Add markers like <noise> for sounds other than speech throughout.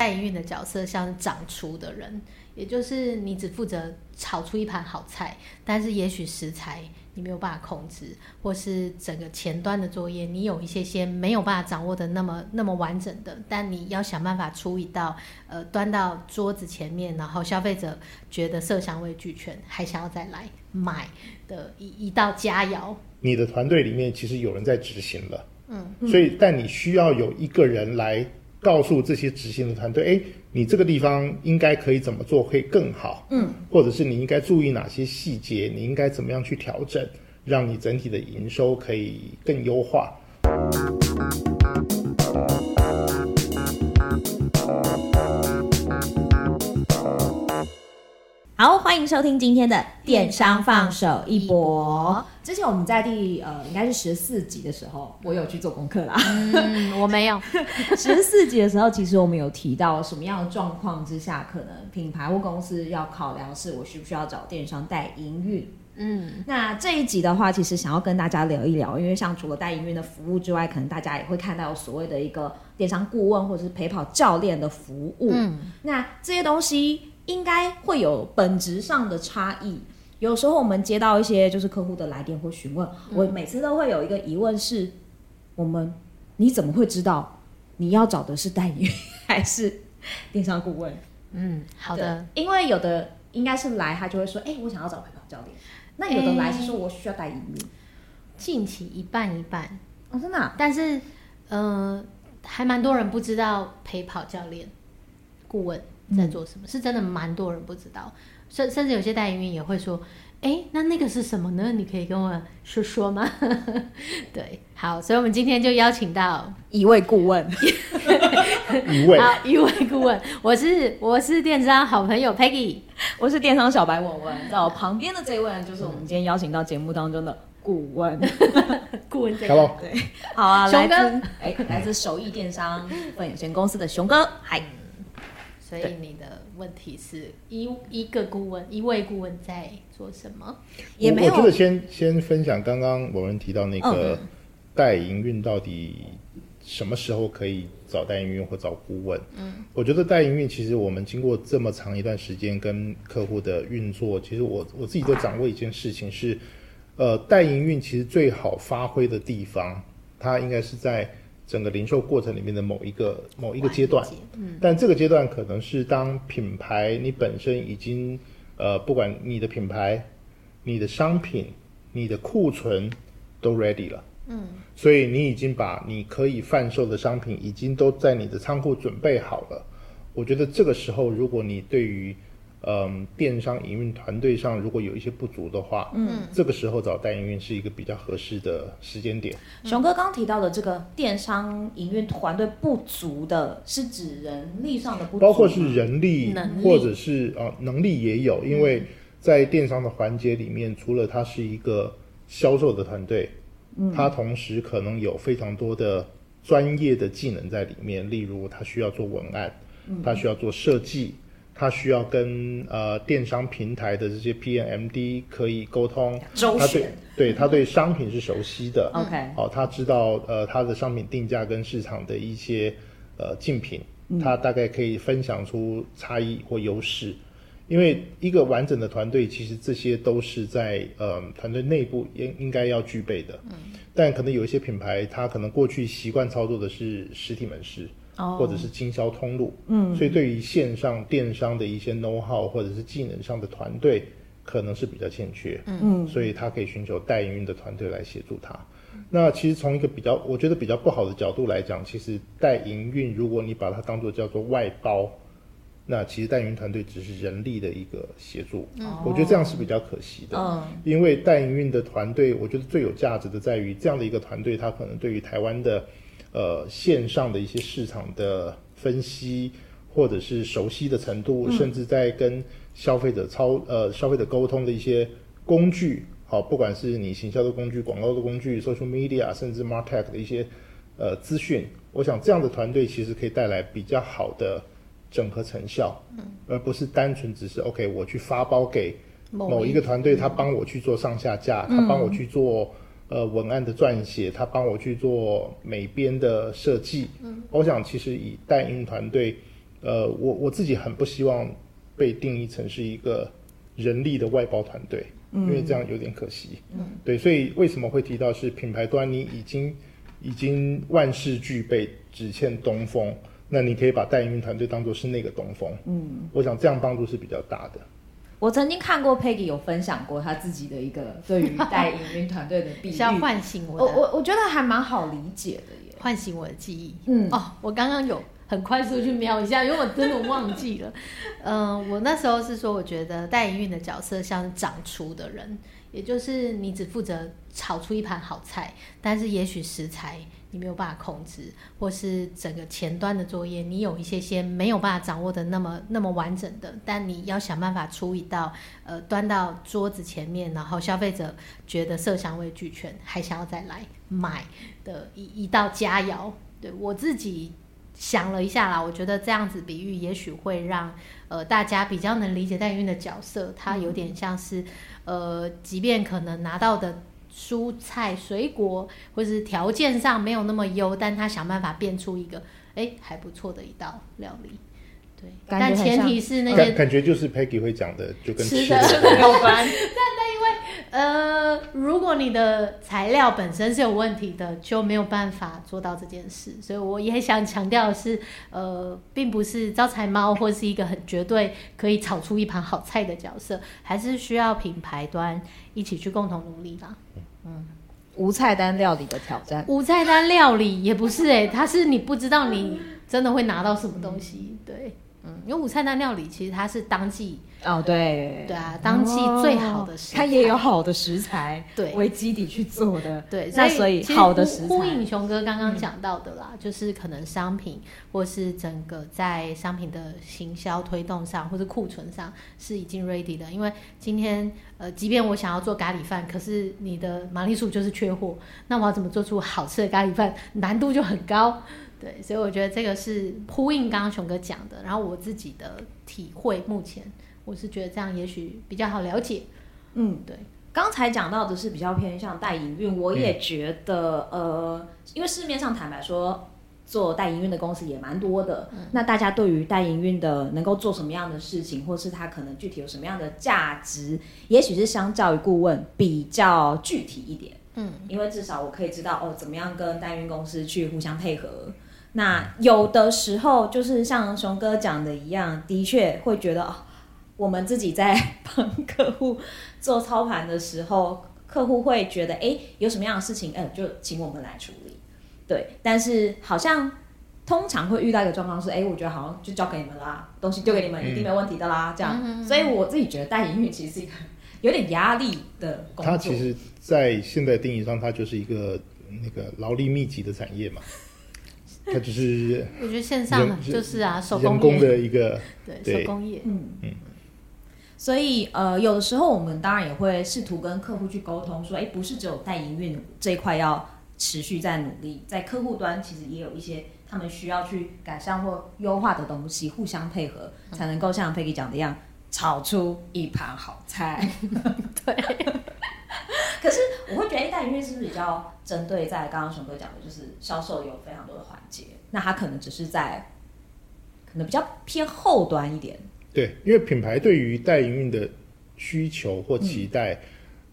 代營運的角色像掌廚的人，也就是你只負責炒出一盤好菜，但是也許食材你沒有辦法控制，或是整個前端的作業你有一些些沒有辦法掌握的那麼那麼完整的，但你要想辦法出一道呃端到桌子前面，然後消費者覺得色香味俱全，還想要再來買的一一道佳餚。你的團隊裡面其實有人在執行了，嗯，所以、嗯、但你需要有一個人來。告訴這些執行的團隊，誒，你這個地方應該可以怎麼做會更好？嗯，或者是你應該注意哪些細節？你應該怎麼樣去調整，讓你整體的營收可以更優化。好，歡迎收聽今天的電商放手一搏。之前我們在第呃，應該是十四集的時候，我有去做功課啦。嗯，我沒有。十四 <laughs> 集的時候，其實我們有提到什麼樣的狀況之下，嗯、可能品牌或公司要考量是我需不需要找電商代營運。嗯，那這一集的話，其實想要跟大家聊一聊，因為像除了代營運的服務之外，可能大家也會看到所謂的一個電商顧問或者是陪跑教練的服務。嗯，那這些東西應該會有本質上的差異。有時候我們接到一些就是客戶的來電或詢問，我每次都會有一個疑問是：嗯、我們你怎麼會知道你要找的是代理還是電商顧問？嗯，好的。因為有的應該是來他就會說：“哎、欸，我想要找陪跑教練。”那有的來是說我需要代理、欸，近期一半一半。哦，真的、啊。但是，嗯、呃，還蠻多人不知道陪跑教練顧問在做什麼，嗯、是真的蠻多人不知道。甚甚至有些代營運也會說：“哎、欸，那那個是什麼呢？你可以跟我說說嗎？” <laughs> 對，好，所以我們今天就邀請到一位顧問，一位好一位顧問，我是我是電商好朋友 Peggy，我是電商小白文文，那我，我旁邊的這位呢，就是我們今天邀請到節目當中的顧問，顧 <laughs> 問、這個、h Hello . e 對，好啊，熊哥，哎，來自首邑電商股份 <laughs> 對有限公司的熊哥，嗨，所以你的。問題是一一個顧問，一位顧問在做什麼？也沒有。我，我覺得先先分享剛剛某人提到那個代營運，到底什麼時候可以找代營運或找顧問？嗯，我覺得代營運其實我們經過這麼長一段時間跟客戶的運作，其實我我自己都掌握一件事情是，啊、呃，代營運其實最好發揮的地方，它應該是在。整個零售過程裡面的某一個某一個階段，嗯，但這個階段可能是當品牌你本身已經，呃，不管你的品牌、你的商品、你的庫存都 ready 了，嗯，所以你已經把你可以販售的商品已經都在你的倉庫準備好了。我覺得這個時候，如果你對於嗯，電商營運團隊上如果有一些不足的話，嗯，這個時候找代營運是一個比較合適的時間點。熊哥剛剛提到的這個電商營運團隊不足的，是指人力上的不足，啊、包括是人力，力或者是啊、呃，能力也有，因為在電商的環節裡面，除了它是一個銷售的團隊，嗯，它同時可能有非常多的專業的技能在裡面，例如它需要做文案，它、嗯、需要做設計。他需要跟呃電商平台的這些 P n M D 可以溝通，旋他對，對他對商品是熟悉的 <laughs> ，OK，哦，他知道呃他的商品定價跟市場的一些呃競品，他大概可以分享出差異或優勢，嗯、因為一個完整的團隊，其實這些都是在呃團隊內部應應該要具備的，嗯，但可能有一些品牌，他可能過去習慣操作的是實體門市。或者是經銷通路，哦、嗯，所以對於線上電商的一些 know how 或者是技能上的團隊，可能是比較欠缺，嗯，所以他可以尋求代營運的團隊來協助他。嗯、那其實從一個比較，我覺得比較不好的角度來講，其實代營運如果你把它當做叫做外包，那其實代營運團隊只是人力的一個協助，哦、我覺得這樣是比較可惜的，嗯、因為代營運的團隊，我覺得最有價值的在於這樣的一個團隊，他可能對於台灣的。呃，線上的一些市場的分析，或者是熟悉的程度，嗯、甚至在跟消費者操呃消費者溝通的一些工具，好，不管是你行銷的工具、廣告的工具、social media，甚至 martech 的一些呃資訊，我想這樣的團隊其實可以帶來比較好的整合成效，嗯、而不是單純只是 OK，我去發包給某一個團隊，他幫我去做上下架，嗯、他幫我去做。呃，文案的撰寫，他幫我去做美編的設計。嗯，我想其實以代運營團隊，呃，我我自己很不希望被定義成是一個人力的外包團隊，嗯，因為這樣有點可惜。嗯，對，所以為什麼會提到是品牌端你已經已經萬事俱備，只欠東風。那你可以把代運營團隊當做是那個東風。嗯，我想這樣幫助是比較大的。我曾經看過 Peggy 有分享過她自己的一個對於代營運團隊的比喻，是 <laughs> 要喚醒我的、哦。我我覺得還蠻好理解的耶，喚醒我的記憶。嗯，哦，我剛剛有 <laughs> 很快速去瞄一下，因為我真的忘記了。嗯、 <laughs> 呃，我那時候是說，我覺得代營運的角色像是掌廚的人，也就是你只負責炒出一盤好菜，但是也許食材。你沒有辦法控制，或是整個前端的作業，你有一些些沒有辦法掌握的那麼那麼完整的，但你要想辦法出一道呃，端到桌子前面，然後消費者覺得色香味俱全，還想要再來買的一一道佳餚。對，我自己想了一下啦，我覺得這樣子比喻也許會讓呃，大家比較能理解代營運的角色，它有點像是呃，即便可能拿到的。蔬菜、水果，或者是條件上沒有那麼優，但他想辦法變出一個，哎，還不錯的一道料理。對，感覺 但前提是那些感覺就是 Peggy 會講的，就跟吃的有關。呃，如果你的材料本身是有問題的，就沒有辦法做到這件事。所以我也想強調的是，呃，並不是招財貓或是一個很絕對可以炒出一盤好菜的角色，還是需要品牌端一起去共同努力吧。嗯，無菜單料理的挑戰，無菜單料理也不是誒，欸，它是你不知道你真的會拿到什麼東西，嗯，對。嗯，因為無菜單料理其實它是當季哦，對、呃、對啊，當季最好的食材，哦、它也有好的食材對為基底去做的對， <laughs> 對所那所以好的食材呼應熊哥剛剛講到的啦，嗯、就是可能商品或是整個在商品的行銷推動上或是庫存上是已經 ready 的，因為今天呃，即便我想要做咖喱飯，可是你的馬鈴薯就是缺貨，那我要怎麼做出好吃的咖喱飯，難度就很高。對，所以我覺得這個是呼應剛剛熊哥講的，然後我自己的體會，目前我是覺得這樣也許比較好了解。嗯，對。剛才講到的是比較偏向代營運，我也覺得、嗯、呃，因為市面上坦白說，做代營運的公司也蠻多的。嗯、那大家對於代營運的能夠做什麼樣的事情，或是他可能具體有什麼樣的價值，也許是相較於顧問比較具體一點。嗯，因為至少我可以知道哦，怎麼樣跟代運公司去互相配合。那有的時候就是像熊哥講的一樣，的確會覺得哦，我們自己在幫客戶做操盤的時候，客戶會覺得哎，有什麼樣的事情，嗯，就請我們來處理。對，但是好像通常會遇到一個狀況是，哎，我覺得好像就交給你們啦，啊，東西丟給你們一定沒問題的啦，啊，嗯、這樣。所以我自己覺得，代營運其實是一個有點壓力的工作。它其實，在現在的定義上，它就是一個那個勞力密集的產業嘛。它只是，我覺得線上就是啊，手工業，手工的一個，對，對，手工業，嗯嗯。所以呃，有的時候我們當然也會試圖跟客戶去溝通，說，哎，不是只有代營運這一塊要持續在努力，在客戶端其實也有一些他們需要去改善或優化的東西，互相配合、嗯、才能夠像 Peggy 講的一樣，炒出一盤好菜。 <laughs> 對。代營運是不是比較針對在剛剛熊哥講的，就是銷售有非常多的環節，那它可能只是在可能比較偏後端一點。對，因為品牌對於代營運的需求或期待，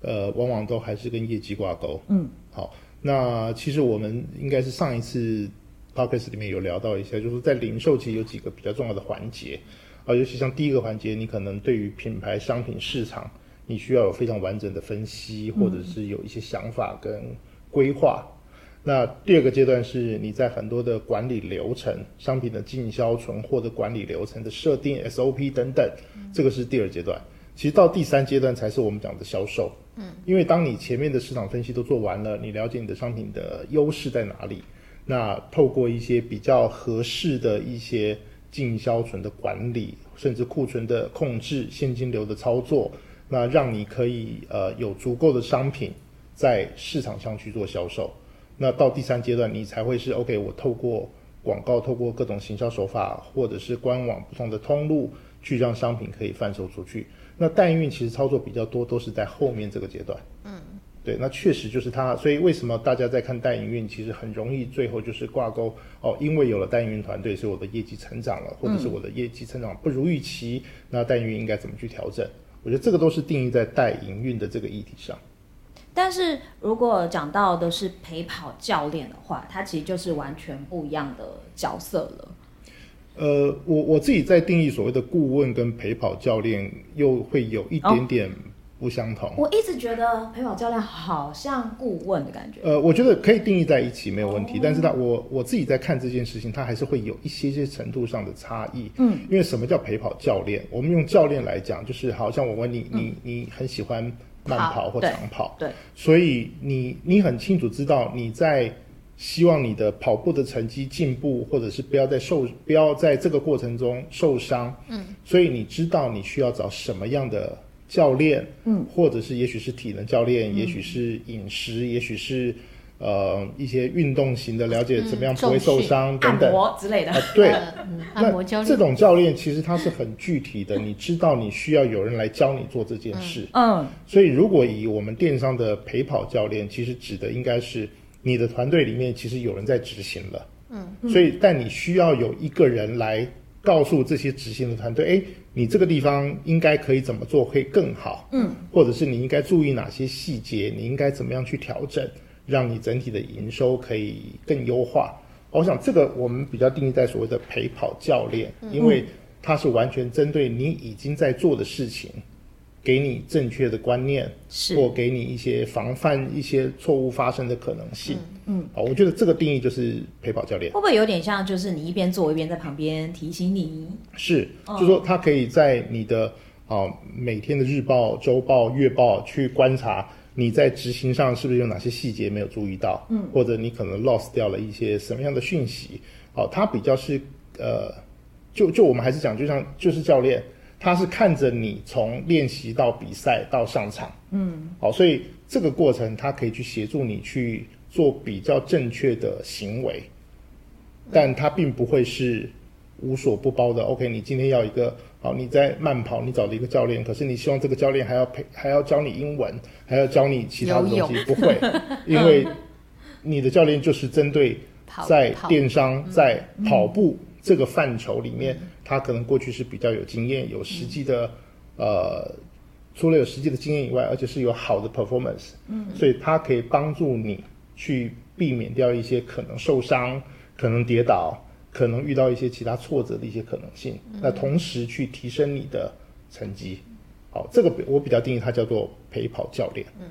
嗯、呃，往往都還是跟業績掛鈎。嗯，好，那其實我們應該是上一次 podcast 裡面有聊到一下，就是在零售其實有幾個比較重要的環節啊，尤其像第一個環節，你可能對於品牌商品市場。你需要有非常完整的分析，或者是有一些想法跟規劃。嗯、那第二個階段是你在很多的管理流程、商品的進銷存貨的管理流程的設定、SOP、嗯、等等，這個是第二階段。其實到第三階段才是我們講的銷售。嗯，因為當你前面的市場分析都做完了，你了解你的商品的優勢在哪裡，那透過一些比較合適的一些進銷存的管理，甚至庫存的控製、現金流的操作。那讓你可以呃有足夠的商品在市場上去做銷售，那到第三階段你才會是 OK，我透過廣告、透過各種行銷手法，或者是官網不同的通路去讓商品可以販售出去。那代營運其實操作比較多，都是在後面這個階段。嗯，對，那確實就是它，所以為什麼大家在看代營運，其實很容易最後就是掛鈎哦，因為有了代營運團隊，所以我的業績成長了，或者是我的業績成長不如預期，嗯、那代營運應該怎麼去調整？我覺得這個都是定義在代營運的這個議題上，但是如果講到的是陪跑教練的話，它其實就是完全不一樣的角色了。呃，我我自己在定義所謂的顧問跟陪跑教練，又會有一點點。Oh. 不相同。我一直覺得陪跑教練好像顧問的感覺。呃，我覺得可以定義在一起沒有問題。Oh. 但是他，我我自己在看這件事情，他還是會有一些些程度上的差異。嗯，因為什麼叫陪跑教練？我們用教練來講，對就是好像我問你，嗯、你你很喜歡慢跑或長跑，對，對所以你你很清楚知道你在希望你的跑步的成績進步，或者是不要再受不要在這個過程中受傷。嗯，所以你知道你需要找什麼樣的。教練，嗯，或者是也許是體能教練，嗯、也許是飲食，也許是呃一些運動型的，了解、嗯、怎麼樣不會受傷序等等按摩之類的。啊、對，嗯、那按摩教練這種教練其實他是很具體的，你知道你需要有人來教你做這件事，嗯，嗯，所以如果以我們電商的陪跑教練，其實指的應該是你的團隊裡面其實有人在執行了，嗯，嗯，所以但你需要有一個人來。告訴這些執行的團隊，誒，你這個地方應該可以怎麼做會更好？嗯，或者是你應該注意哪些細節？你應該怎麼樣去調整，讓你整體的營收可以更優化？我想這個我們比較定義在所謂的陪跑教練，因為他是完全針對你已經在做的事情。嗯嗯給你正確的觀念，是，或給你一些防範一些錯誤發生的可能性。嗯，好、嗯哦，我覺得這個定義就是陪跑教練，會不會有點像就是你一邊做，一邊在旁邊提醒你？是，就說他可以在你的啊、哦哦、每天的日報、周報、月報去觀察你在執行上是不是有哪些細節沒有注意到，嗯，或者你可能 lost 掉了一些什麼樣的訊息？好、哦，他比較是呃，就就我們還是講，就像就是教練。他是看着你從練習到比賽到上場，嗯，好、哦，所以這個過程他可以去協助你去做比較正確的行為，嗯、但他並不會是無所不包的。嗯、OK，你今天要一個好、哦，你在慢跑，你找了一個教練，可是你希望這個教練還要陪，還要教你英文，還要教你其他的有東西， <laughs> 不會，因為你的教練就是針對在電商跑跑、嗯、在跑步這個範疇裡面。嗯嗯他可能過去是比較有經驗、有實際的，呃，除了有實際的經驗以外，而且是有好的 performance，嗯，所以他可以幫助你去避免掉一些可能受傷、可能跌倒、可能遇到一些其他挫折的一些可能性。那、嗯、同時去提升你的成績，好，這個我比較定義它叫做陪跑教練。嗯。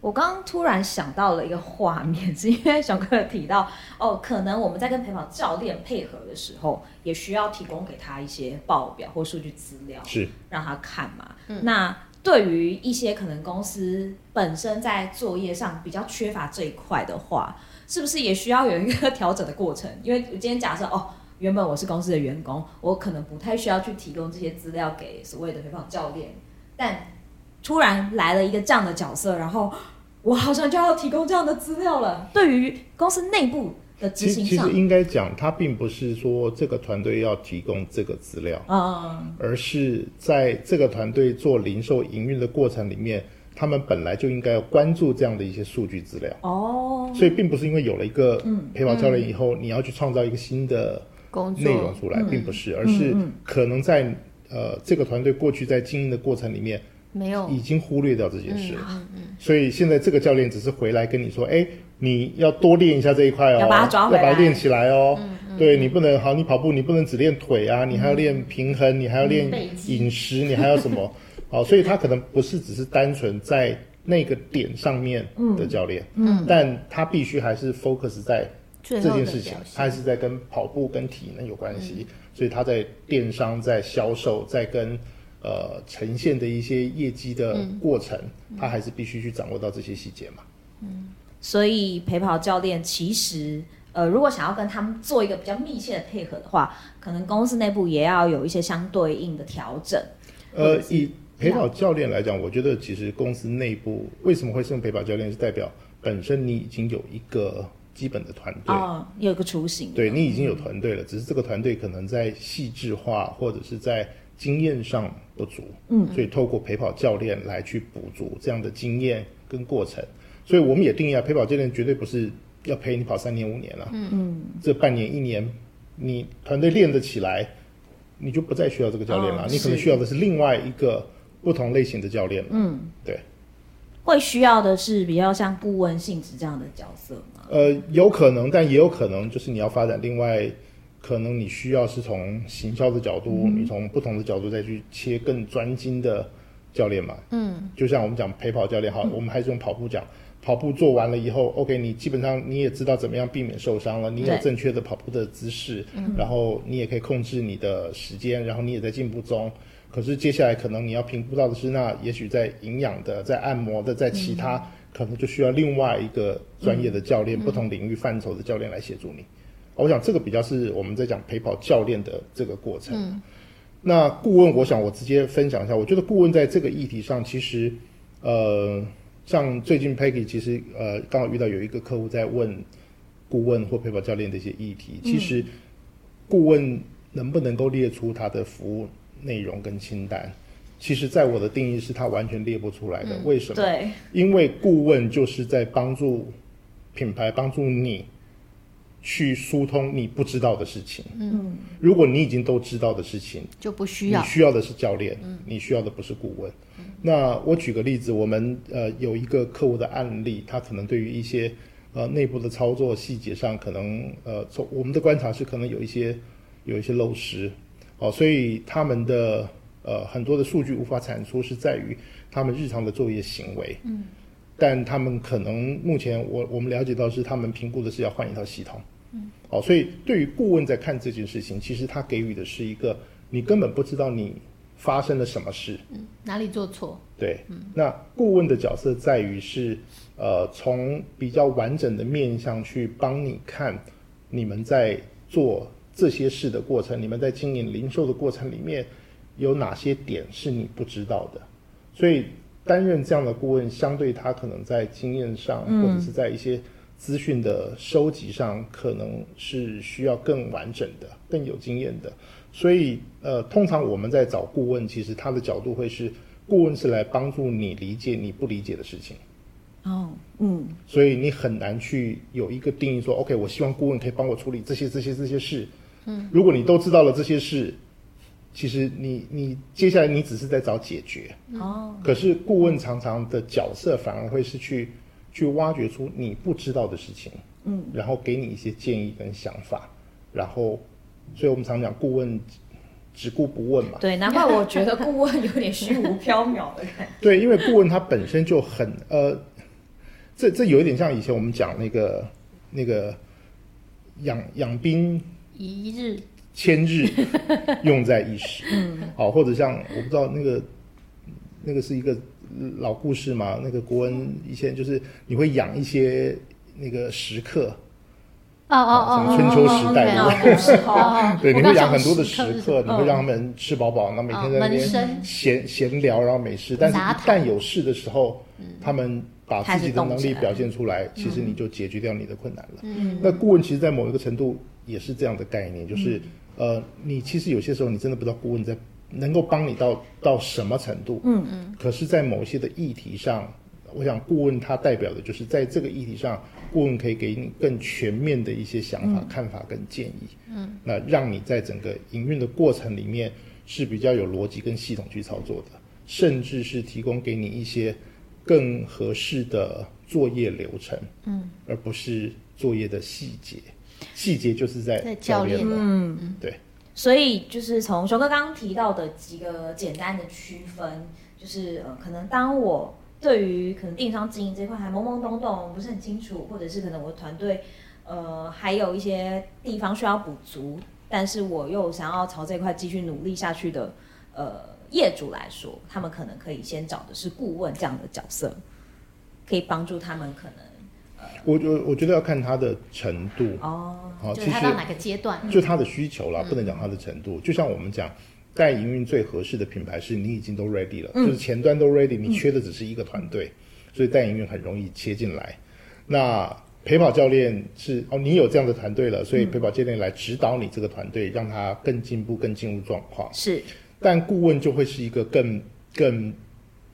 我剛剛突然想到了一個畫面，是因為熊哥提到哦，可能我們在跟陪跑教練配合的時候，也需要提供給他一些報表或數據資料，是讓他看嘛。嗯，那對於一些可能公司本身在作業上比較缺乏這一塊的話，是不是也需要有一個調整的過程？因為我今天假設哦，原本我是公司的員工，我可能不太需要去提供這些資料給所謂的陪跑教練，但。突然來了一個這樣的角色，然後我好像就要提供這樣的資料了。對於公司內部的執行上，其，其實應該講，他並不是說這個團隊要提供這個資料啊。嗯嗯嗯，而是在這個團隊做零售營運的過程裡面，他們本來就應該要關注這樣的一些數據資料哦。所以並不是因為有了一個陪跑教練以後，嗯嗯，你要去創造一個新的工作內容出來，並不是，嗯、而是可能在呃這個團隊過去在經營的過程裡面。沒有，已經忽略掉這件事了。所以現在這個教練只是回來跟你說：“哎，你要多練一下這一塊哦，要把它抓回來，要把它練起來哦。對，你不能好，你跑步你不能只練腿啊，你還要練平衡，你還要練飲食，你還要什麼？好，所以他可能不是只是單純在那個點上面的教練，嗯，但他必須還是 focus 在這件事情，他還是在跟跑步跟體能有關係，所以他在電商在銷售在跟。呃，呈現的一些業績的過程，嗯、他還是必須去掌握到這些細節嘛。嗯，所以陪跑教練其實，呃，如果想要跟他們做一個比較密切的配合的話，可能公司內部也要有一些相對應的調整。呃，以陪跑教練來講，嗯、我覺得其實公司內部為什麼會用陪跑教練，是代表本身你已經有一個基本的團隊啊、哦，有一個雛形。對，你已經有團隊了，嗯、只是這個團隊可能在細緻化或者是在。經驗上不足，嗯，所以透過陪跑教練來去補足這樣的經驗跟過程，所以我們也定義啊，陪跑教練絕對不是要陪你跑三年五年了、啊，嗯嗯，這半年一年你團隊練得起來，你就不再需要這個教練了，哦、你可能需要的是另外一個不同類型的教練，嗯，對，會需要的是比較像顧問性質這樣的角色嗎？呃，有可能，但也有可能就是你要發展另外。可能你需要是從行銷的角度，嗯、你從不同的角度再去切更專精的教練嘛？嗯，就像我們講陪跑教練，好，嗯、我們還是用跑步講，跑步做完了以後，OK，你基本上你也知道怎麼樣避免受傷了，你有正確的跑步的姿勢，嗯、然後你也可以控制你的時間，然後你也在進步中。可是接下來可能你要評估到的是，那也許在營養的、在按摩的、在其他，嗯、可能就需要另外一個專業的教練，嗯、不同領域範疇的教練來協助你。我想這個比較是我們在講陪跑教練的這個過程。嗯，那顧問，我想我直接分享一下。我覺得顧問在這個議題上，其實，呃，像最近 Peggy 其實呃剛好遇到有一個客戶在問顧問或陪跑教練的一些議題。嗯，其實顧問能不能夠列出他的服務內容跟清單？其實，在我的定義是，他完全列不出來的。嗯，為什麼？對，因為顧問就是在幫助品牌，幫助你。去疏通你不知道的事情。嗯，如果你已經都知道的事情，就不需要。你需要的是教練嗯，你需要的不是顧問。嗯，那我舉個例子，我們呃有一個客戶的案例，他可能對於一些呃內部的操作細節上，可能呃從我們的觀察是可能有一些有一些漏失，哦，所以他們的呃很多的數據無法產出是在於他們日常的作業行為。嗯，但他們可能目前我我們了解到是他們評估的是要換一套系統。嗯，哦，所以對於顧問在看這件事情，其實他給予的是一個你根本不知道你發生了什麼事，嗯，哪裡做錯？對，嗯，那顧問的角色在於是，呃，從比較完整的面向去幫你看，你們在做這些事的過程，你們在經營零售的過程裡面有哪些點是你不知道的？所以擔任這樣的顧問，相對他可能在經驗上或者是在一些。資訊的收集上，可能是需要更完整的、更有經驗的。所以，呃，通常我們在找顧問，其實他的角度會是，顧問是來幫助你理解你不理解的事情。哦，嗯。所以你很難去有一個定義說，OK，我希望顧問可以幫我處理這些、這些、這些、這些事。嗯。如果你都知道了這些事，其實你你接下來你只是在找解決。哦。可是顧問常常的角色反而會是去。去挖掘出你不知道的事情，嗯，然後給你一些建議跟想法，然後，所以我們常講顧問只，只顧不問嘛。對，難怪我覺得顧問有點虛無縹緲的感覺。 <laughs> 對，因為顧問他本身就很呃，這這有一點像以前我們講那個那個養養兵一日千日用在一時， <laughs> 嗯，好，或者像我不知道那個那個是一個。老故事嘛，那個顧問以前就是你會養一些那個食客，哦哦哦，春秋時代，對，你會養很多的食客，你會讓他們吃飽飽，那每天在那邊閒閒聊，然後沒事，但是一旦有事的時候，他們把自己的能力表現出來，其實你就解決掉你的困難了。嗯，那顧問其實，在某一個程度也是這樣的概念，就是呃，你其實有些時候你真的不知道顧問在。能夠幫你到到什麼程度？嗯嗯。可是，在某些的議題上，我想顧問他代表的就是在這個議題上，顧問可以給你更全面的一些想法、嗯、看法跟建議。嗯。那讓你在整個營運的過程裡面是比較有邏輯跟系統去操作的，甚至是提供給你一些更合適的作業流程。嗯。而不是作業的細節，細節就是在教練。嗯嗯，對。所以就是從熊哥剛剛提到的幾個簡單的區分，就是呃，可能當我對於可能電商經營這塊還懵懵懂懂，不是很清楚，或者是可能我的團隊，呃，還有一些地方需要補足，但是我又想要朝這塊繼續努力下去的，呃，業主來說，他們可能可以先找的是顧問這樣的角色，可以幫助他們可能。我我我覺得要看他的程度哦，好，oh, 就他到哪個階段，就他的需求了，嗯、不能講他的程度。就像我們講代營運最合適的品牌是你已經都 ready 了，嗯、就是前端都 ready，你缺的只是一個團隊，嗯、所以代營運很容易切進來。那陪跑教練是、嗯、哦，你有這樣的團隊了，所以陪跑教練來指導你這個團隊，嗯、讓他更進步、更進入狀況。是，但顧問就會是一個更更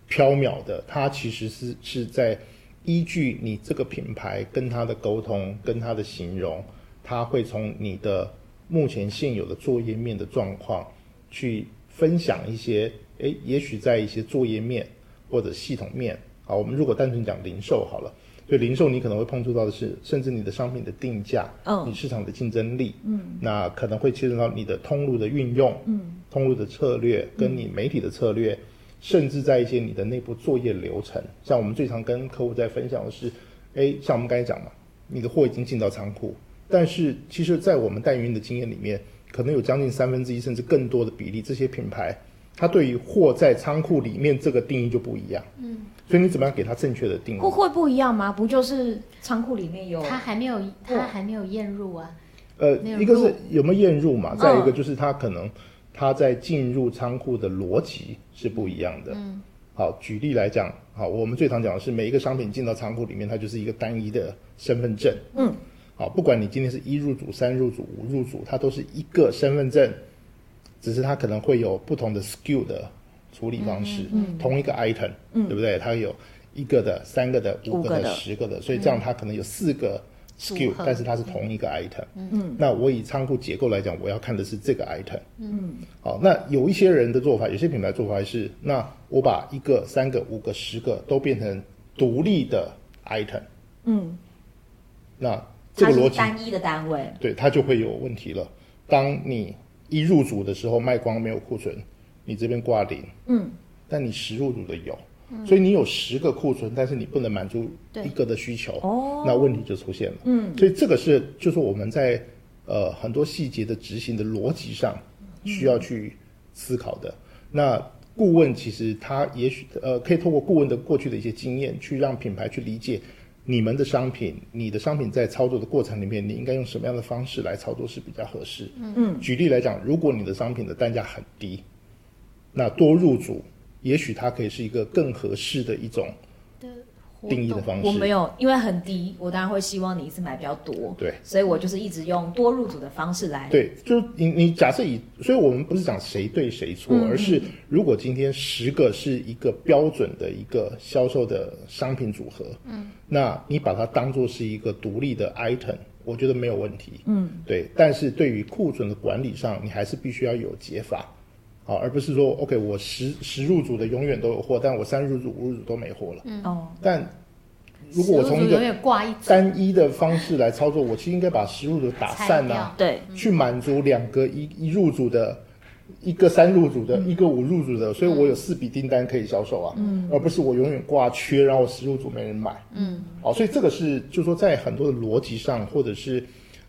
縹緲的，他其實是是在。依據你這個品牌跟他的溝通跟他的形容，他會從你的目前現有的作業面的狀況去分享一些，哎，也許在一些作業面或者系統面，啊，我們如果單純講零售好了，對零售你可能會碰觸到的是，甚至你的商品的定價，oh, 你市場的競爭力，嗯，um, 那可能會牽扯到你的通路的運用，嗯，um, 通路的策略跟你媒體的策略。甚至在一些你的內部作業流程，像我們最常跟客戶在分享的是，哎，像我們剛才講嘛，你的貨已經進到倉庫，但是其實，在我們代運營的經驗裡面，可能有將近三分之一甚至更多的比例，這些品牌它對於貨在倉庫裡面這個定義就不一樣。嗯，所以你怎麼樣給他正確的定義？不會不一樣嗎？不就是倉庫裡面有，它還沒有，它還沒有驗入啊？呃，沒有，一個是有沒有驗入嘛，再一個就是它可能。哦它在進入倉庫的邏輯是不一樣的。嗯，好，舉例來講，好，我們最常講的是每一個商品進到倉庫裡面，它就是一個單一的身份證。嗯，好，不管你今天是一入組、三入組、五入組，它都是一個身份證，只是它可能會有不同的 SKU 的處理方式。嗯，嗯，同一個 item，嗯，對不對？它有一個的、三個的、五個的、五個的、十個的，所以這樣它可能有四個。SKU 但是它是同一個 item。嗯，那我以倉庫結構來講，我要看的是這個 item。嗯，好，那有一些人的做法，有些品牌做法是，那我把一個、三個、五個、十個都變成獨立的 item。嗯，那這個邏輯是單一的單位，對，它就會有問題了。嗯，當你一入組的時候賣光沒有庫存，你這邊掛零。嗯，但你十入組的有。所以你有十個庫存，但是你不能滿足一個的需求，對那問題就出現了。哦、嗯，所以這個是就是我們在呃很多細節的執行的邏輯上需要去思考的。嗯、那顧問其實他也許呃可以透過顧問的過去的一些經驗，去讓品牌去理解你們的商品，你的商品在操作的過程裡面，你應該用什麼樣的方式來操作是比較合適。嗯嗯，舉例來講，如果你的商品的單價很低，那多入組。也許它可以是一個更合適的一種定義的方式。我沒有，因為很低，我當然會希望你一次買比較多。對，所以我就是一直用多入組的方式來。對，就是你你假設以，所以我們不是講誰對誰錯，而是如果今天十個是一個標準的一個銷售的商品組合，嗯，那你把它當做是一個獨立的 item，我覺得沒有問題。嗯，對，但是對於庫存的管理上，你還是必須要有解法。好，而不是說 OK，我十十入組的永遠都有貨，但我三入組、五入組都沒貨了。哦、嗯，但如果我從一個單一的方式來操作，我其實應該把十入組打散啊，對，去滿足兩個一一入組的，嗯、一個三入組的，嗯、一個五入組的，所以我有四筆訂單可以銷售啊，嗯，而不是我永遠掛缺，然後十入組沒人買，嗯，哦，所以這個是就是說在很多的邏輯上，或者是。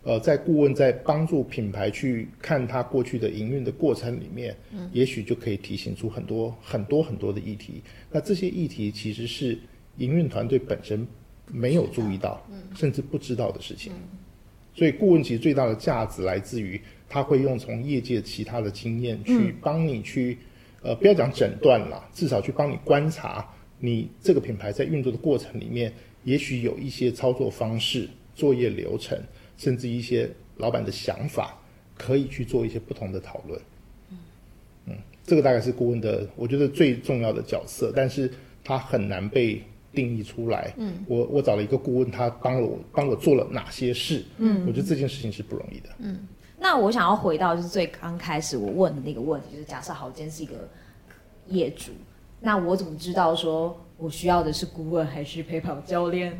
呃，在顧問在幫助品牌去看他過去的營運的過程裡面，嗯，也許就可以提醒出很多很多很多的議題。那這些議題其實是營運團隊本身沒有注意到，甚至不知道的事情。所以，顧問其實最大的價值來自於他會用從業界其他的經驗去幫你去，呃，不要講診斷了，至少去幫你觀察你這個品牌在運作的過程裡面，也許有一些操作方式、作業流程。甚至一些老闆的想法，可以去做一些不同的討論。嗯，這個大概是顧問的，我覺得最重要的角色，但是他很難被定義出來。嗯，我我找了一個顧問，他幫我幫我做了哪些事？嗯，我覺得這件事情是不容易的。嗯，那我想要回到就是最剛開始我問的那個問題，就是假設郝堅是一個業主，那我怎麼知道說我需要的是顧問還是陪跑教練？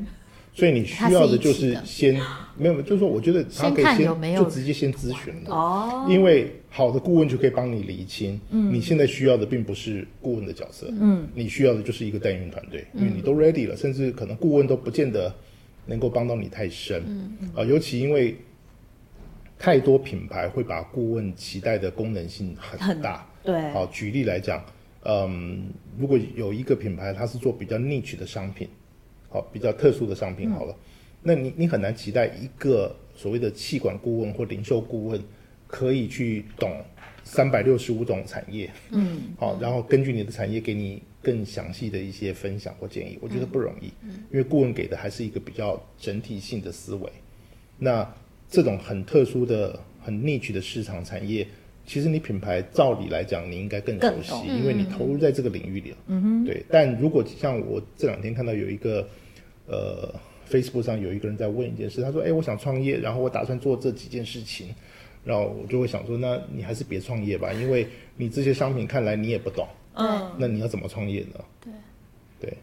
所以你需要的就是先沒有，就是說，我覺得他可以先，就直接先諮詢了。哦，因為好的顧問就可以幫你理清。嗯，你現在需要的並不是顧問的角色。嗯，你需要的就是一個代營運團隊，因為你都 ready 了，甚至可能顧問都不見得能夠幫到你太深。嗯嗯。啊，尤其因為太多品牌會把顧問期待的功能性很很大。對。好，舉例來講，嗯，如果有一個品牌，它是做比較 niche 的商品。好，比較特殊的商品好了，嗯、那你你很難期待一個所謂的企管顧問或零售顧問可以去懂三百六十五種產業，嗯，好，然後根據你的產業給你更詳細的一些分享或建議，我覺得不容易，嗯，因為顧問給的還是一個比較整體性的思維。嗯、那這種很特殊的、很 niche 的市場產業，其實你品牌照理來講你應該更熟悉，更懂。因為你投入在這個領域裡了，嗯，嗯對。但如果像我這兩天看到有一個。呃，Facebook 上有一個人在問一件事，他說：“哎、欸，我想創業，然後我打算做這幾件事情，然後我就會想說，那你還是別創業吧，因為你這些商品看來你也不懂，嗯，那你要怎麼創業呢？對，對。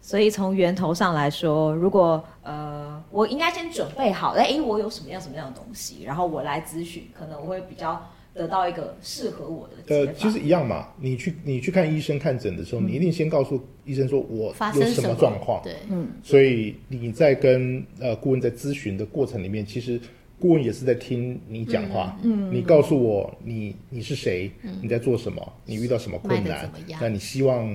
所以從源頭上來說，如果呃，我應該先準備好，哎，我有什麼樣什麼樣的東西，然後我來諮詢，可能我會比較。”得到一個適合我的。呃，其實一樣嘛，你去你去看醫生看診的時候，嗯、你一定先告訴醫生說，我有什麼狀況，對，嗯。所以你在跟呃顧問在諮詢的過程裡面，其實顧問也是在聽你講話，嗯，嗯，你告訴我你你是誰，嗯、你在做什麼，是你遇到，什麼困難，那你希望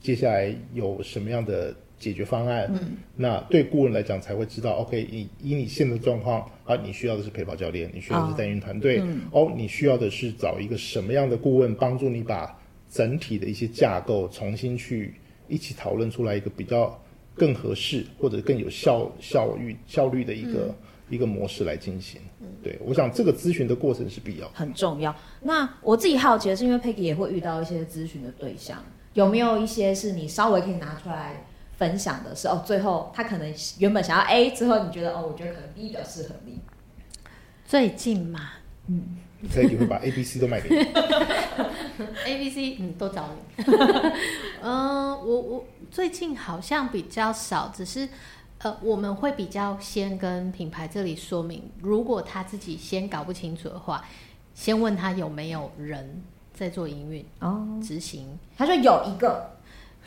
接下來有什麼樣的？解決方案，嗯、那對顧問來講才會知道，OK，以以你現在的狀況啊，你需要的是陪跑教練，你需要的是代運團隊，哦，你需要的是找一個什麼樣的顧問幫助你把整體的一些架構重新去一起討論出來一個比較更合適或者更有效效率效率的一個、嗯、一個模式來進行。對，我想這個諮詢的過程是必要的，很重要。那我自己好奇的是，因為佩奇也會遇到一些諮詢的對象，有沒有一些是你稍微可以拿出來分享的是哦，最後他可能原本想要 A，之後你覺得哦，我覺得可能 B 比較適合你。最近嘛，嗯，所以你會把 A、B、C 都賣給你。 <laughs> A、B、C，嗯，都找你。嗯、 <laughs> 呃，我我最近好像比較少，只是呃，我們會比較先跟品牌這裡說明，如果他自己先搞不清楚的話，先問他有沒有人在做營運哦，執行，他說有一個。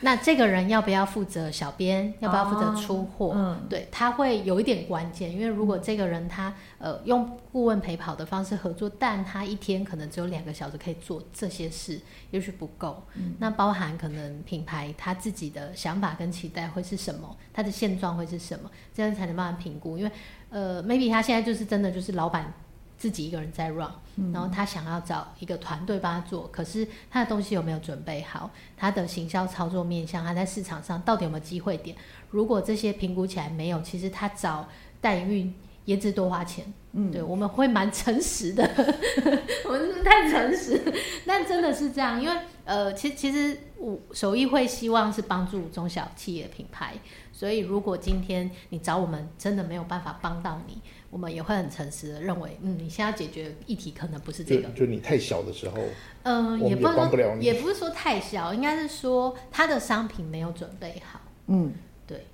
那這個人要不要負責小編？要不要負責出貨？哦，嗯，對他會有一點關鍵，因為如果這個人他呃用顧問陪跑的方式合作，但他一天可能只有兩個小時可以做這些事，也許不夠。嗯，那包含可能品牌他自己的想法跟期待會是什麼？他的現狀會是什麼？這樣才能慢慢評估。因為呃，maybe 他現在就是真的就是老板。自己一個人在 run，嗯、然後他想要找一個團隊幫他做，可是他的東西有沒有準備好？他的行銷操作面向，他在市場上到底有沒有機會點？如果這些評估起來沒有，其實他找代運也只多花錢。嗯，對，我們會蠻誠實的， <laughs> <laughs> 我們太誠實。但真的是這樣，因為呃，其實其實我首邑會希望是幫助中小企業品牌，所以如果今天你找我們，真的沒有辦法幫到你。我們也會很誠實的認為，嗯，你先要解決議題，可能不是這個就，就你太小的時候，嗯，也不也不是說太小，應該是說他的商品沒有準備好，嗯，對，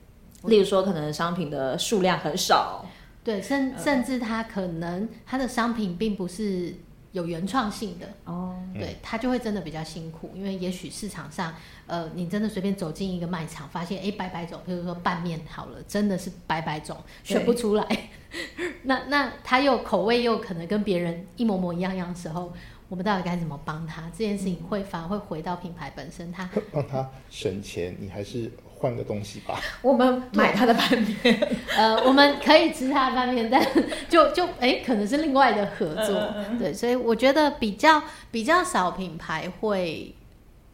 我例如說可能商品的數量很少，對，甚甚至他可能他的商品並不是。有原創性的哦，oh, 對、嗯、他就會真的比較辛苦，因為也許市場上，呃，你真的隨便走進一個賣場，發現哎、欸，白白種，譬如說拌面好了，真的是白白種，選不出來。對 <laughs> 那那他又口味又可能跟別人一模模一樣樣的時候，我們到底該怎麼幫他？這件事情會反而會回到品牌本身，嗯、他幫他省錢，你還是。換個東西吧。我們買他的拌麵。對 <laughs> 呃，我們可以吃他的拌麵，但就就哎、欸，可能是另外的合作。呃、對，所以我覺得比較比較少品牌會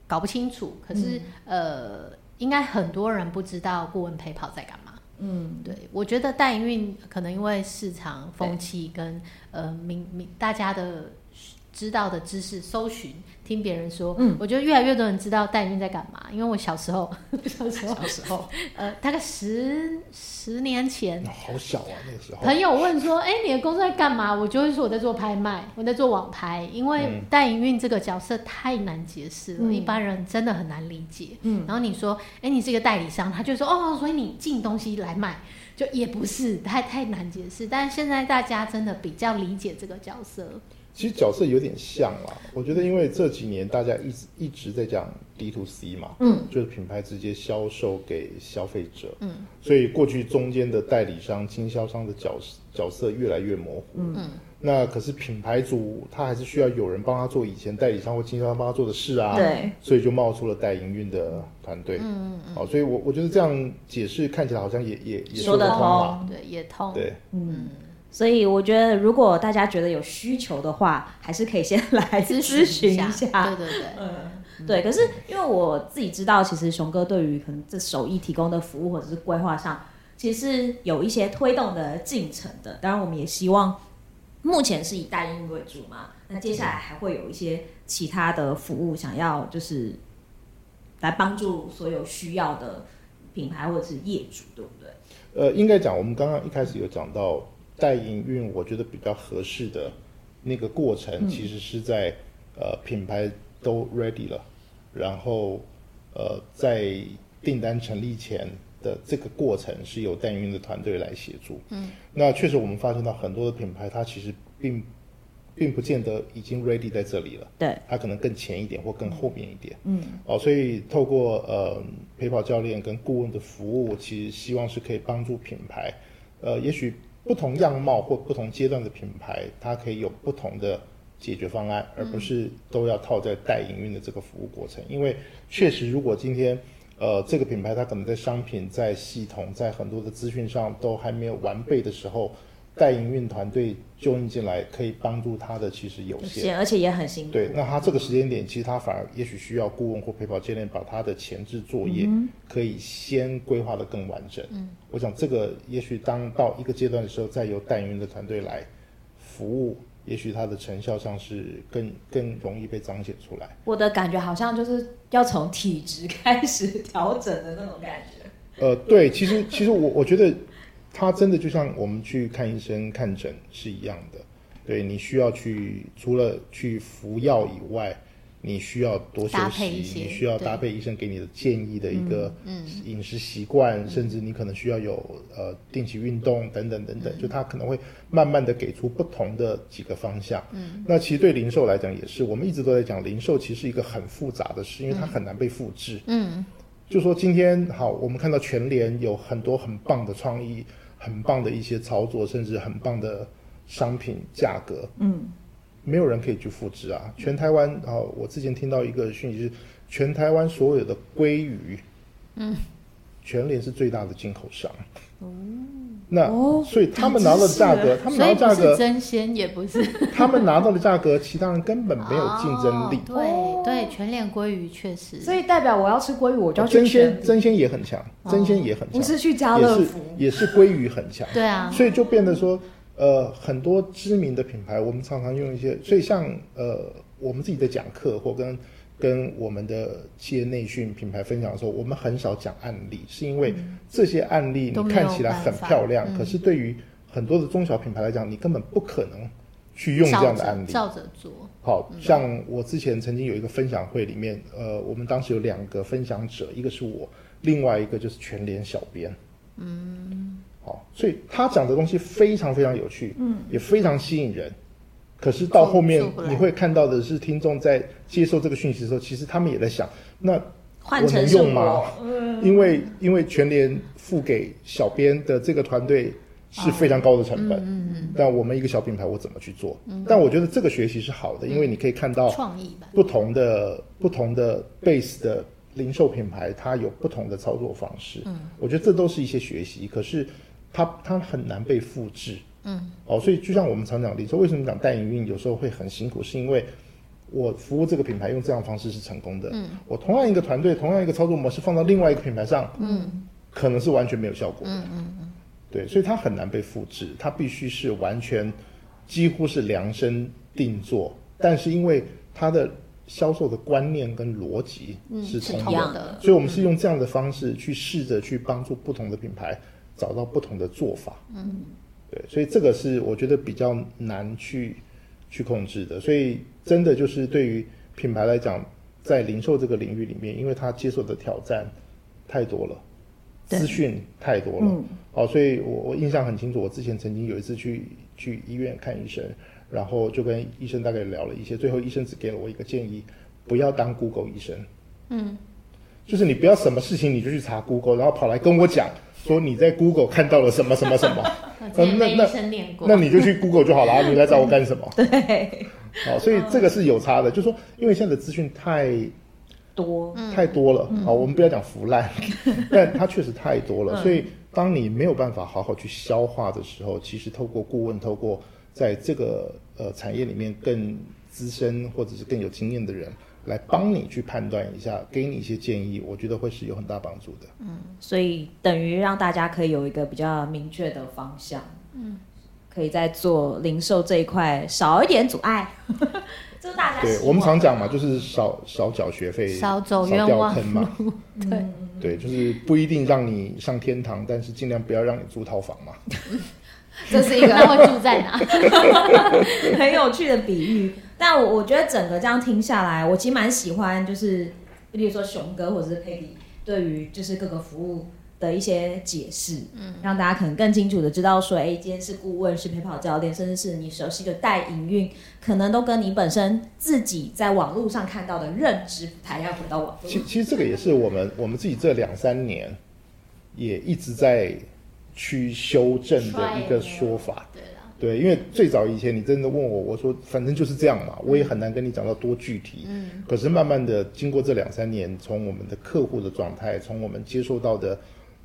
搞不清楚。可是、嗯、呃，應該很多人不知道顧問陪跑在幹嘛。嗯，對，我覺得代營運可能因為市場風氣跟對 呃明明大家的。知道的知識搜尋，聽別人說，嗯，我覺得越來越多人知道代運營在幹嘛。因為我小時候，小時候，小時候呃，大概十十年前，好小啊，那個時候，朋友問說，哎、欸，你的工作在幹嘛？我就會說我在做拍賣，我在做網拍，因為代運營這個角色太難解釋了，嗯、一般人真的很難理解。嗯，然後你說，哎、欸，你是一個代理商，他就說，哦，所以你進東西來賣，就也不是太太難解釋。但是現在大家真的比較理解這個角色。其實角色有點像啦，我覺得，因為這幾年大家一直一直在講 D to C 嘛，嗯，就是品牌直接銷售給消費者，嗯，所以過去中間的代理商、經銷商的角角色越來越模糊，嗯嗯，那可是品牌主他還是需要有人幫他做以前代理商或經銷商幫他做的事啊，對，所以就冒出了代營運的團隊，嗯嗯好，嗯哦，所以我我覺得這樣解釋看起來好像也也也說得通，說得好，對，也通，對，嗯。嗯所以我覺得，如果大家覺得有需求的話，還是可以先來諮詢一下。對對對，嗯，對。可是因為我自己知道，其實熊哥對於可能這首邑提供的服務或者是規劃上，其實是有一些推動的進程的。當然，我們也希望目前是以代運營為主嘛。那接下來還會有一些其他的服務，想要就是來幫助所有需要的品牌或者是業主，對不對？呃，應該講，我們剛剛一開始有講到。代營運我覺得比較合適的那個過程，其實是在、嗯、呃品牌都 ready 了，然後呃在訂單成立前的這個過程，是由代營運的團隊來協助。嗯，那確實我們發現到很多的品牌，它其實並並不見得已經 ready 在這裡了。對，它可能更前一點或更後面一點。嗯，哦、嗯呃，所以透過呃陪跑教練跟顧問的服務，其實希望是可以幫助品牌，呃，也許。不同樣貌或不同階段的品牌，它可以有不同的解決方案，而不是都要套在代營運的這個服務過程。因為確實，如果今天，呃，這個品牌它可能在商品、在系統、在很多的資訊上都還沒有完備的時候。代營運團隊就進進來，可以幫助他的其實有限，而且也很辛苦。對，那他這個時間點，嗯，其實他反而也許需要顧問或陪跑教練，把他的前置作業可以先規劃得更完整。嗯，我想這個也許當到一個階段的時候，再由代營運的團隊來服務，也許他的成效上是更更容易被彰顯出來。我的感覺好像就是要從體質開始調整的那種感覺。呃，對，其實其實我我覺得，它真的就像我們去看醫生看診是一樣的。對，你需要去除了去服藥以外，你需要多休息，你需要搭配醫生給你的建議的一個飲食習慣，對甚至你可能需要有呃定期運動等等等等，嗯、就它可能會慢慢的給出不同的幾個方向。嗯，那其實對零售來講也是，我們一直都在講零售其實是一個很複雜的事，因為它很難被複製。嗯。嗯就說今天好，我們看到全聯有很多很棒的創意，很棒的一些操作，甚至很棒的商品價格。嗯，沒有人可以去複製啊。全台灣啊，我之前聽到一個訊息是，全台灣所有的鮭魚，嗯，全聯是最大的進口商。哦。那所以他們拿到的價格，他們拿到的價格，爭鮮也不是。他們拿到的價格，其他人根本沒有競爭力。對對，全聯鮭魚確實。所以代表我要吃鮭魚，我就要去爭鮮，爭鮮也很強，爭鮮也很強。不是去家樂福，也是鮭魚很強。對啊，所以就變得說，呃，很多知名的品牌，我們常常用一些，所以像呃，我們自己在講課或跟。跟我們的企業內訓品牌分享的時候，我們很少講案例，是因為這些案例你看起來很漂亮，嗯嗯、可是對於很多的中小品牌來講，嗯、你根本不可能去用這樣的案例，照着，照着做。好、嗯、對像我之前曾經有一個分享會裡面，呃，我們當時有兩個分享者，一個是我，另外一個就是全聯小編。嗯。好，所以他講的東西非常非常有趣，嗯，也非常吸引人。可是到後面你會看到的是，聽眾在接受這個訊息的時候，其實他們也在想：那我能用嗎？因為因為全聯付給小編的這個團隊是非常高的成本，但我們一個小品牌，我怎麼去做？但我覺得這個學習是好的，因為你可以看到不同的不同的 base 的零售品牌，它有不同的操作方式。我覺得這都是一些學習，可是它它很難被複制。嗯，哦，所以就像我們常講的，你說為什麼講代營運有時候會很辛苦，是因為我服務這個品牌用這樣的方式是成功的。嗯，我同樣一個團隊，同樣一個操作模式放到另外一個品牌上，嗯，可能是完全沒有效果的。嗯嗯，嗯對，所以它很難被複製，它必須是完全幾乎是量身定做。但是因為它的銷售的觀念跟邏輯是同樣，嗯、是同樣的，所以我們是用這樣的方式去試着去幫助不同的品牌、嗯、找到不同的做法。嗯。對，所以這個是我覺得比較難去去控制的，所以真的就是對於品牌來講，在零售這個領域裡面，因為他接受的挑戰太多了，資訊太多了，嗯、哦，所以我我印象很清楚，我之前曾經有一次去去醫院看醫生，然後就跟醫生大概聊了一些，最後醫生只給了我一個建議，不要當 Google 醫生，嗯，就是你不要什麼事情你就去查 Google，然後跑來跟我講。說你在 Google 看到了什麼什麼什麼， <laughs> 呃、那那那你就去 Google 就好了啊， <laughs> 對你來找我幹什麼？對，對好，所以這個是有差的，就是說因為現在的資訊太多、嗯、太多了，好，我們不要講腐爛， <laughs> 但它確實太多了，嗯、所以當你沒有辦法好好去消化的時候，其實透過顧問，透過在這個呃產業裡面更資深或者是更有經驗的人。.來幫你去判斷一下，oh. 給你一些建議，我覺得會是有很大幫助的。嗯，所以等於讓大家可以有一個比較明確的方向，嗯，可以在做零售這一塊少一點阻礙。就 <laughs> 是大家對我們常講嘛，就是少少繳學費，少走冤枉，少掉坑嘛。嗯、對對，就是不一定讓你上天堂，但是盡量不要讓你租套房嘛。 <laughs> 這是一個，他 <laughs> 會住在哪？ <laughs> 很有趣的比喻。但我我覺得整個這樣聽下來，我其實蠻喜歡，就是比如說熊哥或者是佩迪，對於就是各個服務的一些解釋，嗯，讓大家可能更清楚的知道說，哎，今天是顧問，是陪跑教練，甚至是你熟悉的代營運，可能都跟你本身自己在網絡上看到的認知，才要回到網絡。其實其實這個也是我們 <laughs> 我們自己這兩三年也一直在，去修正的一個說法，對，啊。對，因為最早以前你真的問我，我說反正就是這樣嘛，我也很難跟你講到多具體。嗯，可是慢慢的經過這兩三年，從我們的客戶的狀態，從我們接受到的，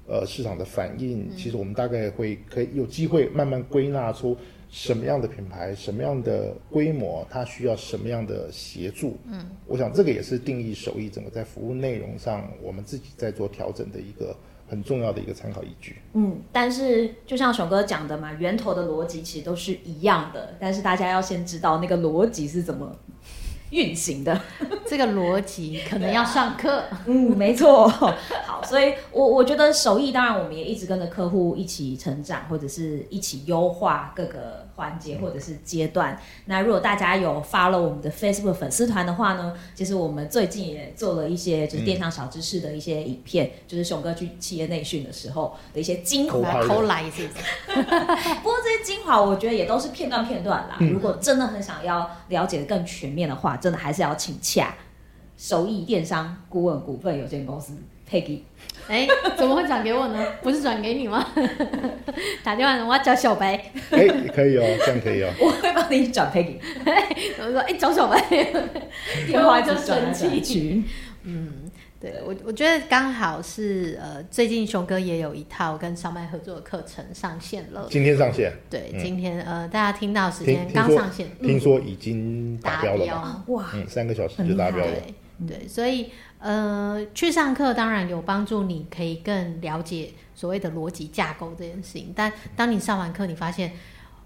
呃，市場的反應，其實我們大概會可以有機會慢慢歸納出什麼樣的品牌，什麼樣的規模，它需要什麼樣的協助。嗯，我想這個也是定義首邑整個在服務內容上，我們自己在做調整的一個。很重要的一個參考依據。嗯，但是就像熊哥講的嘛，源頭的邏輯其實都是一樣的，但是大家要先知道那個邏輯是怎麼運行的 <laughs> 這個邏輯可能要上課， <laughs> 嗯，沒錯。好，所以我我覺得手藝，當然我們也一直跟着客戶一起成長，或者是一起優化各個環節、嗯、或者是階段。那如果大家有 follow 我們的 Facebook 粉絲團的話呢，其實我們最近也做了一些就是電商小知識的一些影片，嗯、就是熊哥去企業內訓的時候的一些精華偷懶，一些 <laughs> 不過這些精華我覺得也都是片段片段啦。嗯、如果真的很想要了解的更全面的話。真的還是要請洽首邑電商顧問股份有限公司 Peggy 哎、欸，怎麼會轉給我呢？不是轉給你嗎？ <laughs> 打電話呢，我要找小白。哎、欸，可以哦、喔，這樣可以哦、喔。我會幫你轉 Peggy。我說，哎、欸，找小白，要花錢轉進去。群 <laughs> 嗯。我我覺得剛好是呃，最近熊哥也有一套跟燒麥合作的課程上線了，今天上線，對，對。嗯、今天呃，大家聽到時間剛上線，聽說已經達標了標。哇、嗯，三個小時就達標了，了。對，所以呃，去上課當然有幫助，你可以更了解所謂的邏輯架構這件事情。但當你上完課，你發現、嗯、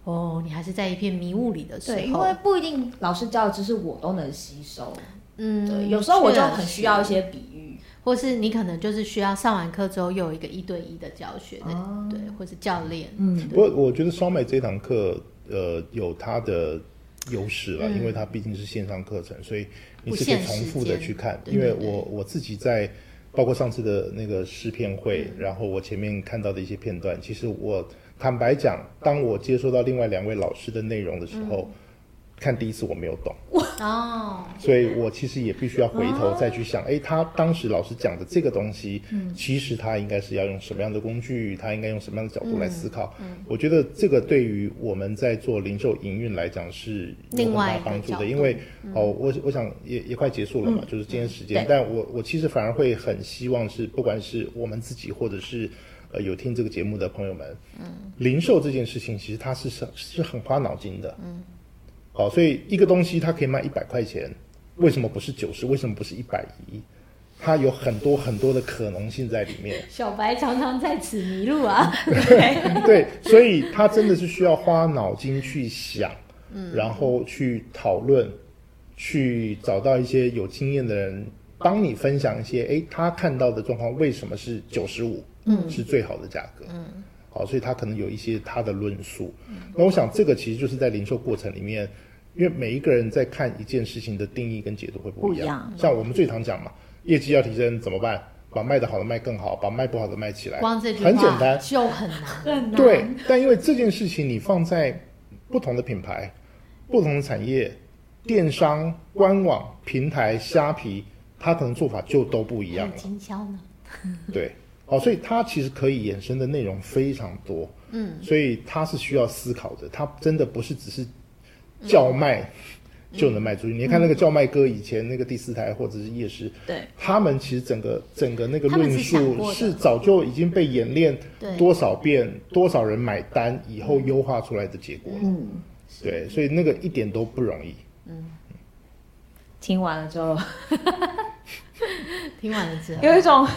哦，你還是在一片迷霧裡的時候，嗯、對，因為不一定老師教的知識我都能吸收，嗯，有時候我就很需要一些比喻。或是你可能就是需要上完課之後，又有一個一對一的教學的，啊、對，或是教練。嗯，對不過我覺得雙美這堂課，呃，有它的優勢了，嗯、因為它畢竟是線上課程，所以你是可以重複的去看。因為我對對對，我自己在包括上次的那個試片會，嗯、然後我前面看到的一些片段，其實我坦白講，當我接收到另外兩位老師的內容的時候。嗯看第一次我沒有懂哦，所以我其實也必須要回頭再去想，哎，他當時老師講的這個東西，嗯，其實他應該是要用什麼樣的工具，他應該用什麼樣的角度來思考。我覺得這個對於我們在做零售營運來講是有很大幫助的，因為哦，我我想也也快結束了嘛，就是今天時間，但我我其實反而會很希望是，不管是我們自己或者是呃有聽這個節目的朋友們，嗯，零售這件事情其實它是是是很花腦筋的，嗯。好，所以一個東西它可以賣一百塊錢，為什麼不是九十？為什麼不是一百一？它有很多很多的可能性在裡面。小白常常在此迷路啊。對， <laughs> 對，所以他真的是需要花腦筋去想，嗯，然後去討論，去找到一些有經驗的人幫你分享一些，哎，他看到的狀況為什麼是九十五？嗯，是最好的價格。嗯。好，所以他可能有一些他的論述。那我想，這個其實就是在零售過程裡面，因為每一個人在看一件事情的定義跟解讀會不一樣。像我們最常講嘛，業績要提升怎麼辦？把賣的好的賣更好，把賣不好的賣起來。光這句話很簡單，就很難。對，但因為這件事情，你放在不同的品牌、不同的產業、電商官網平台、蝦皮，他可能做法就都不一樣了。經銷呢？對。好、哦、所以他其實可以衍生的內容非常多，嗯，所以他是需要思考的，他真的不是只是叫賣就能賣出去。嗯嗯、你看那個叫賣哥以前那個第四台或者是夜市，對，他們其實整個整個那個論述是早就已經被演練多少遍，多少人買單以後優化出來的結果了。嗯，嗯，對，所以那個一點都不容易。嗯，聽完了之後， <laughs> 聽完了之後有一種。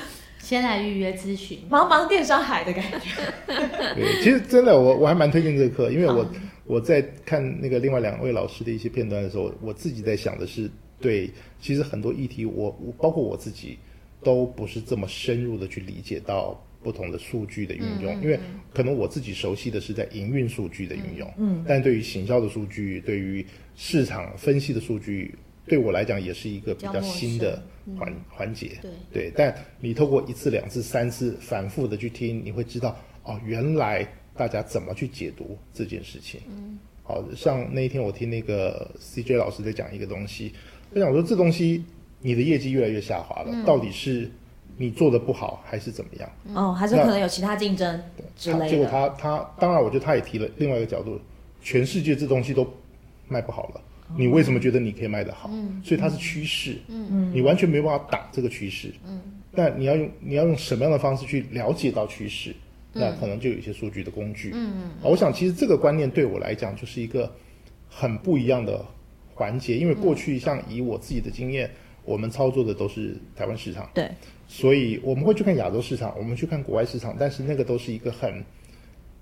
先來預約諮詢，茫茫電商海的感覺。 <laughs> 對，其實真的，我我還蠻推薦這個課，因為我好我在看那個另外兩位老師的一些片段的時候，我自己在想的是，對，其實很多議題我，我我包括我自己，都不是這麼深入的去理解到不同的數據的運用，嗯，因為可能我自己熟悉的是在營運數據的運用，嗯，嗯，但對於行銷的數據，對於市場分析的數據。對我來講也是一個比較新的環環節，嗯、對，對，但你透過一次、兩次、三次反覆的去聽，你會知道哦，原來大家怎麼去解讀這件事情。嗯，好、哦、像那一天我聽那個 CJ 老師在講一個東西，他講我說這東西你的業績越來越下滑了，嗯、到底是你做得不好還是怎麼樣？哦，還是可能有其他競爭之類的，對他，結果他他當然，我覺得他也提了另外一個角度，全世界這東西都賣不好了。你為什麼覺得你可以賣得好？嗯、所以它是趨勢。嗯，你完全沒辦法擋這個趨勢。嗯，但你要用你要用什麼樣的方式去了解到趨勢？嗯、那可能就有一些數據的工具。嗯，嗯，我想其實這個觀念對我來講就是一個很不一樣的環節，因為過去像以我自己的經驗，嗯、我們操作的都是台灣市場。對，所以我們會去看亞洲市場，我們去看國外市場，但是那個都是一個很。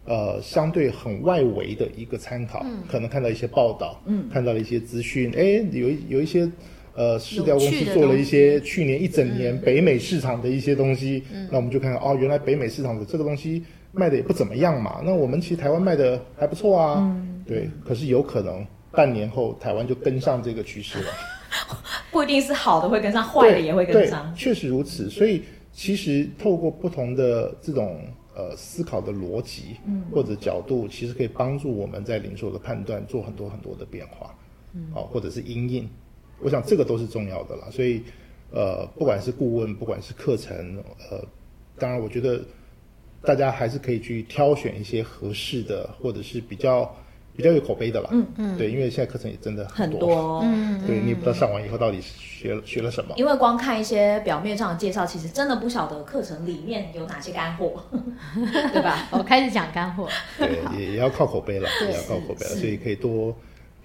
呃，相對很外圍的一個參考，嗯、可能看到一些報道，嗯，看到了一些資訊。哎，有有一些呃，市調公司做了一些去年一整年北美市場的一些東西，嗯、那我們就看看，哦，原來北美市場的這個東西賣的也不怎麼樣嘛。那我們其實台灣賣的還不錯啊，嗯、對。可是有可能半年後台灣就跟上這個趨勢了， <laughs> 不一定是好的會跟上，壞的也會跟上，對對，確實如此。所以其實透過不同的這種。呃，思考的邏輯或者角度，其實可以幫助我們在零售的判斷做很多很多的變化，啊，或者是因應。我想這個都是重要的啦。所以，呃，不管是顧問，不管是課程，呃，當然，我覺得大家還是可以去挑選一些合適的，或者是比較。比較有口碑的了，嗯，嗯嗯，對，因為現在課程也真的很多，很多對，嗯對，你不知道上完以後到底學學了什麼。因為光看一些表面上的介紹，其實真的不曉得課程裡面有哪些乾貨，對吧？ <laughs> 我開始講乾貨。對，好也要靠口碑了，好也要靠口碑，所以可以多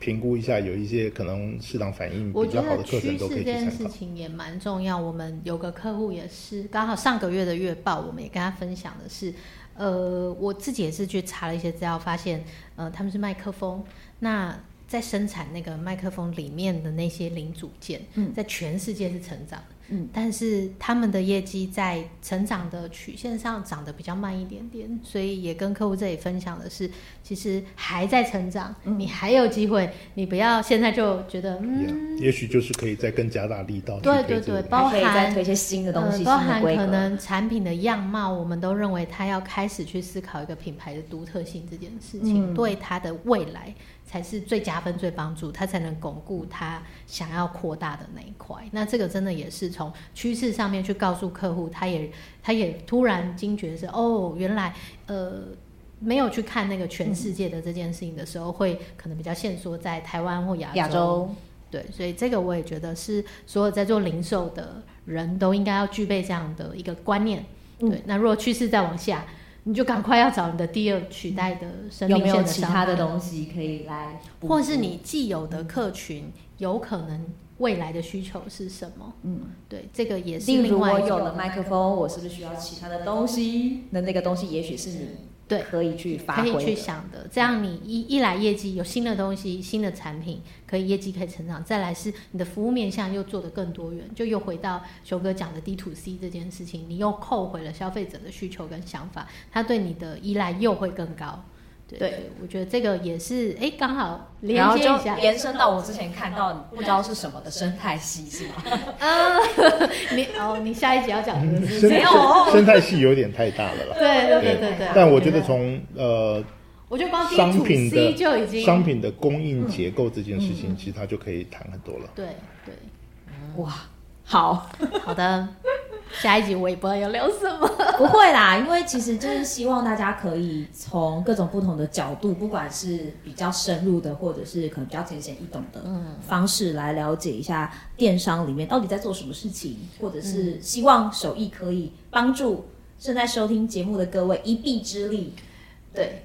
評估一下，有一些可能市場反應比較好的課程都可以去參考。我覺得趨勢這件事情也蠻重要。我們有個客戶也是，剛好上個月的月報，我們也跟他分享的是。呃，我自己也是去查了一些資料，發現，呃，他們是麥克風。那在生產那個麥克風裡面的那些零組件，嗯，在全世界是成長的。嗯，但是他們的業績在成長的曲線上漲得比較慢一點點，所以也跟客戶這裡分享的是，其實還在成長，嗯、你還有機會，你不要現在就覺得嗯，也許就是可以再更加大力道，對對對，包含再推一些新的東西，包含可能產品的樣貌，我們都認為他要開始去思考一個品牌的獨特性這件事情，嗯、對他的未來才是最加分、最幫助，他才能鞏固他想要擴大的那一塊。那這個真的也是。從趨勢上面去告訴客戶，他也他也突然驚覺是哦，原來呃沒有去看那個全世界的這件事情的時候，嗯、會可能比較限縮在台灣或亞洲。亞洲對，所以這個我也覺得是所有在做零售的人都應該要具備這樣的一個觀念。嗯、對，那如果趨勢再往下，你就趕快要找你的第二取代的生命線，有沒有其他的東西可以來，或是你既有的客群、嗯、有可能，未來的需求是什麼？嗯，對，這個也是另外一個我有了麥克風，我是不是需要其他的東西？嗯、那那個東西也許是你可以去發揮的，可以去想的。嗯、這樣你一一來業績有新的東西、新的產品，可以業績可以成長。再來是你的服務面向又做得更多元，就又回到熊哥講的 D to C 這件事情，你又扣回了消費者的需求跟想法，他對你的依賴又會更高。嗯對，我覺得這個也是，哎，剛好連接一下，延伸到我之前看到不知道是什麼的生態系，是嗎？ <laughs> 嗯，你生哦，你下一集要講沒有、哦？生態系有點太大了 <laughs> 對對對對，對，對但我覺得從、啊、呃，我就光商品的就已經商品的供應結構這件事情，嗯嗯、其實它就可以談很多了。對對，哇，好好的。 <laughs> 下一集我也不知道要聊什麼， <laughs> 不會啦，因為其實就是希望大家可以從各種不同的角度，不管是比較深入的，或者是可能比較淺顯易懂的，嗯，方式來了解一下電商裡面到底在做什麼事情，或者是希望首邑可以幫助正在收聽節目的各位一臂之力，對。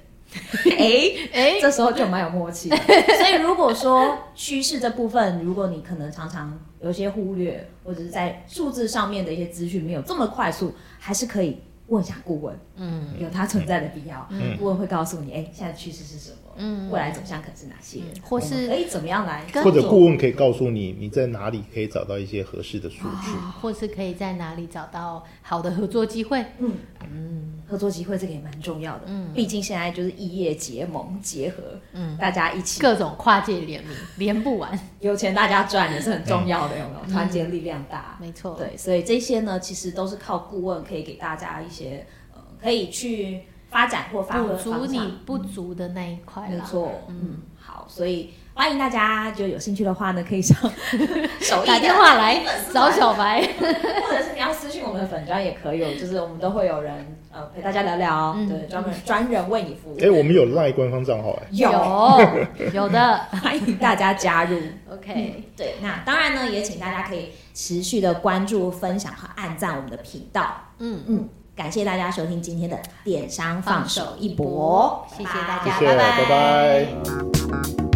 哎哎， <laughs> 欸、這時候就蠻有默契的。 <laughs> 所以如果說趨勢這部分，如果你可能常常有些忽略，或者是在數字上面的一些資訊沒有這麼快速，還是可以。問一下顧問，嗯，有他存在的必要。嗯，顧問會告訴你，哎，現在趨勢是什麼？嗯，未來走向可是哪些？或是哎，怎麼樣來？或者顧問可以告訴你，你在哪裡可以找到一些合適的數據？或是可以在哪裡找到好的合作機會？嗯嗯，合作機會這個也蠻重要的。嗯，畢竟現在就是異業結盟結合，嗯，大家一起各種跨界聯名，連不完，有錢大家賺也是很重要的，有沒有？團結力量大，沒錯。對，所以這些呢，其實都是靠顧問可以給大家一些可以去發展或發展不足你不足的那一塊，沒錯，嗯，好，所以歡迎大家，就有興趣的話呢，可以打打電話來找小白，或者是你要私訊我們的粉專也可以，就是我們都會有人呃陪大家聊聊，對，專門專人為你服務。哎，我們有 LINE 官方賬號。哎，有有的歡迎大家加入，OK，對，那當然呢，也請大家可以持續的關注、分享和按讚我們的頻道，嗯嗯。感謝大家收聽今天的電商放手一搏，哦，一搏哦，謝謝大家，謝謝拜拜。拜拜，拜拜。